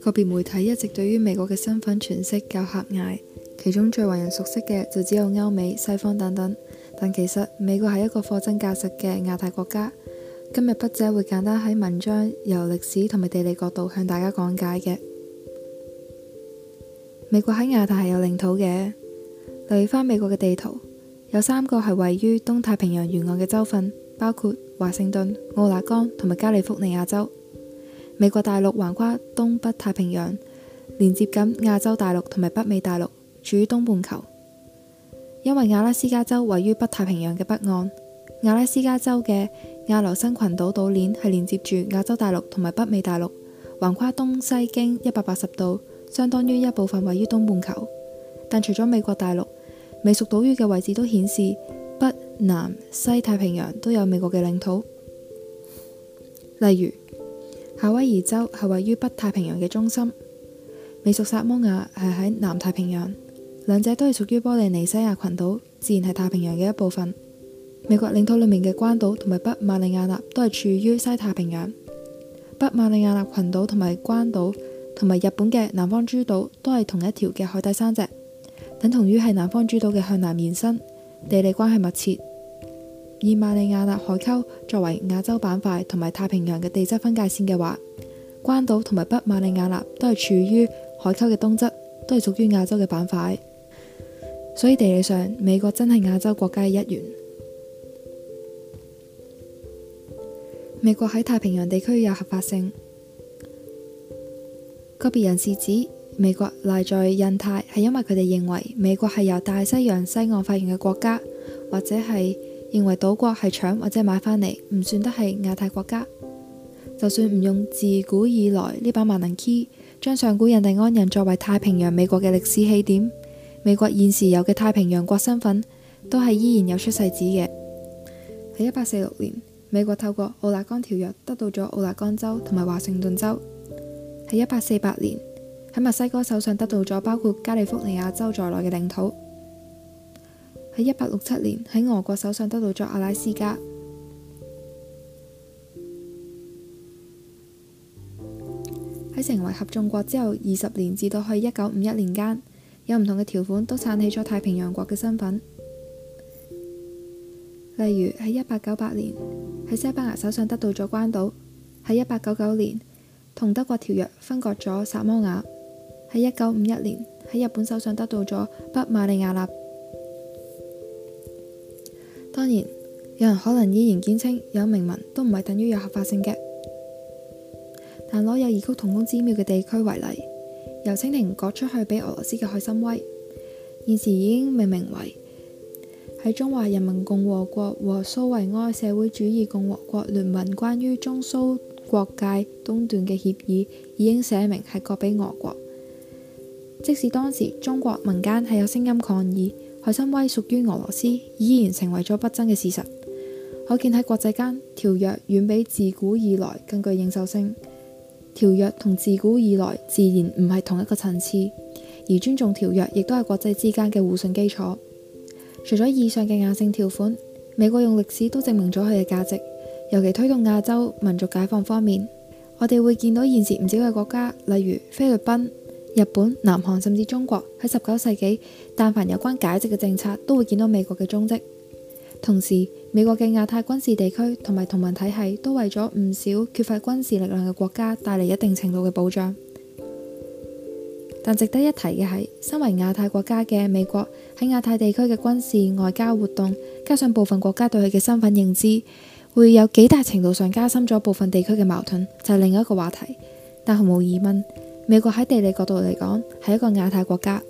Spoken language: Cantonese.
個別媒體一直對於美國嘅身份詮釋較狹隘，其中最為人熟悉嘅就只有歐美、西方等等。但其實美國係一個貨真價實嘅亞太國家。今日筆者會簡單喺文章由歷史同埋地理角度向大家講解嘅。美國喺亞太係有領土嘅，留意翻美國嘅地圖。有三個係位於東太平洋沿岸嘅州份，包括華盛頓、奧勒岡同埋加利福尼亞州。美國大陸橫跨東北太平洋，連接緊亞洲大陸同埋北美大陸，處於東半球。因為阿拉斯加州位於北太平洋嘅北岸，阿拉斯加州嘅阿留申群島島鏈係連接住亞洲大陸同埋北美大陸，橫跨東西經一百八十度，相當於一部分位於東半球。但除咗美國大陸。美屬島嶼嘅位置都顯示，北、南、西太平洋都有美國嘅領土。例如，夏威夷州係位於北太平洋嘅中心，美屬薩摩亞係喺南太平洋，兩者都係屬於波利尼西亞群島，自然係太平洋嘅一部分。美國領土裏面嘅關島同埋北馬里亞納都係處於西太平洋。北馬里亞納群島同埋關島同埋日本嘅南方諸島都係同一條嘅海底山脊。等同於係南方諸島嘅向南延伸，地理關係密切。以馬里亞納海溝作為亞洲板塊同埋太平洋嘅地質分界線嘅話，關島同埋北馬里亞納都係處於海溝嘅東側，都係屬於亞洲嘅板塊。所以地理上，美國真係亞洲國家嘅一員。美國喺太平洋地區有合法性，個別人士指。美國賴在印太係因為佢哋認為美國係由大西洋西岸發現嘅國家，或者係認為島國係搶或者買翻嚟，唔算得係亞太國家。就算唔用自古以來呢把萬能 key，將上古印第安人作為太平洋美國嘅歷史起點，美國現時有嘅太平洋國身份都係依然有出世紙嘅。喺一八四六年，美國透過奧勒岡條約得到咗奧勒岡州同埋華盛頓州。喺一八四八年，喺墨西哥手上得到咗包括加利福尼亞州在內嘅領土。喺一八六七年，喺俄國手上得到咗阿拉斯加。喺成為合眾國之後，二十年至到去一九五一年間，有唔同嘅條款都撐起咗太平洋國嘅身份。例如喺一八九八年，喺西班牙手上得到咗關島；喺一八九九年，同德國條約分割咗薩摩亞。喺一九五一年，喺日本手上得到咗北馬利亞納。當然有人可能依然堅稱有明文都唔係等於有合法性嘅。但攞有異曲同工之妙嘅地區為例，由清廷割出去畀俄羅斯嘅海參崴，現時已經命名為喺中華人民共和國和蘇維埃社會主義共和國聯盟關於中蘇國界東段嘅協議，已經寫明係割畀俄國。即使當時中國民間係有聲音抗議，海參崴屬於俄羅斯，依然成為咗不爭嘅事實。可見喺國際間，條約遠比自古以來更具認受性。條約同自古以來自然唔係同一個層次，而尊重條約亦都係國際之間嘅互信基礎。除咗以上嘅硬性條款，美國用歷史都證明咗佢嘅價值，尤其推動亞洲民族解放方面，我哋會見到現時唔少嘅國家，例如菲律賓。日本、南韓甚至中國喺十九世紀，但凡有關解職嘅政策，都會見到美國嘅蹤跡。同時，美國嘅亞太軍事地區同埋同盟體系，都為咗唔少缺乏軍事力量嘅國家帶嚟一定程度嘅保障。但值得一提嘅係，身為亞太國家嘅美國喺亞太地區嘅軍事外交活動，加上部分國家對佢嘅身份認知，會有幾大程度上加深咗部分地區嘅矛盾，就係、是、另一個話題。但毫無疑問。美國喺地理角度嚟講，係一個亞太國家。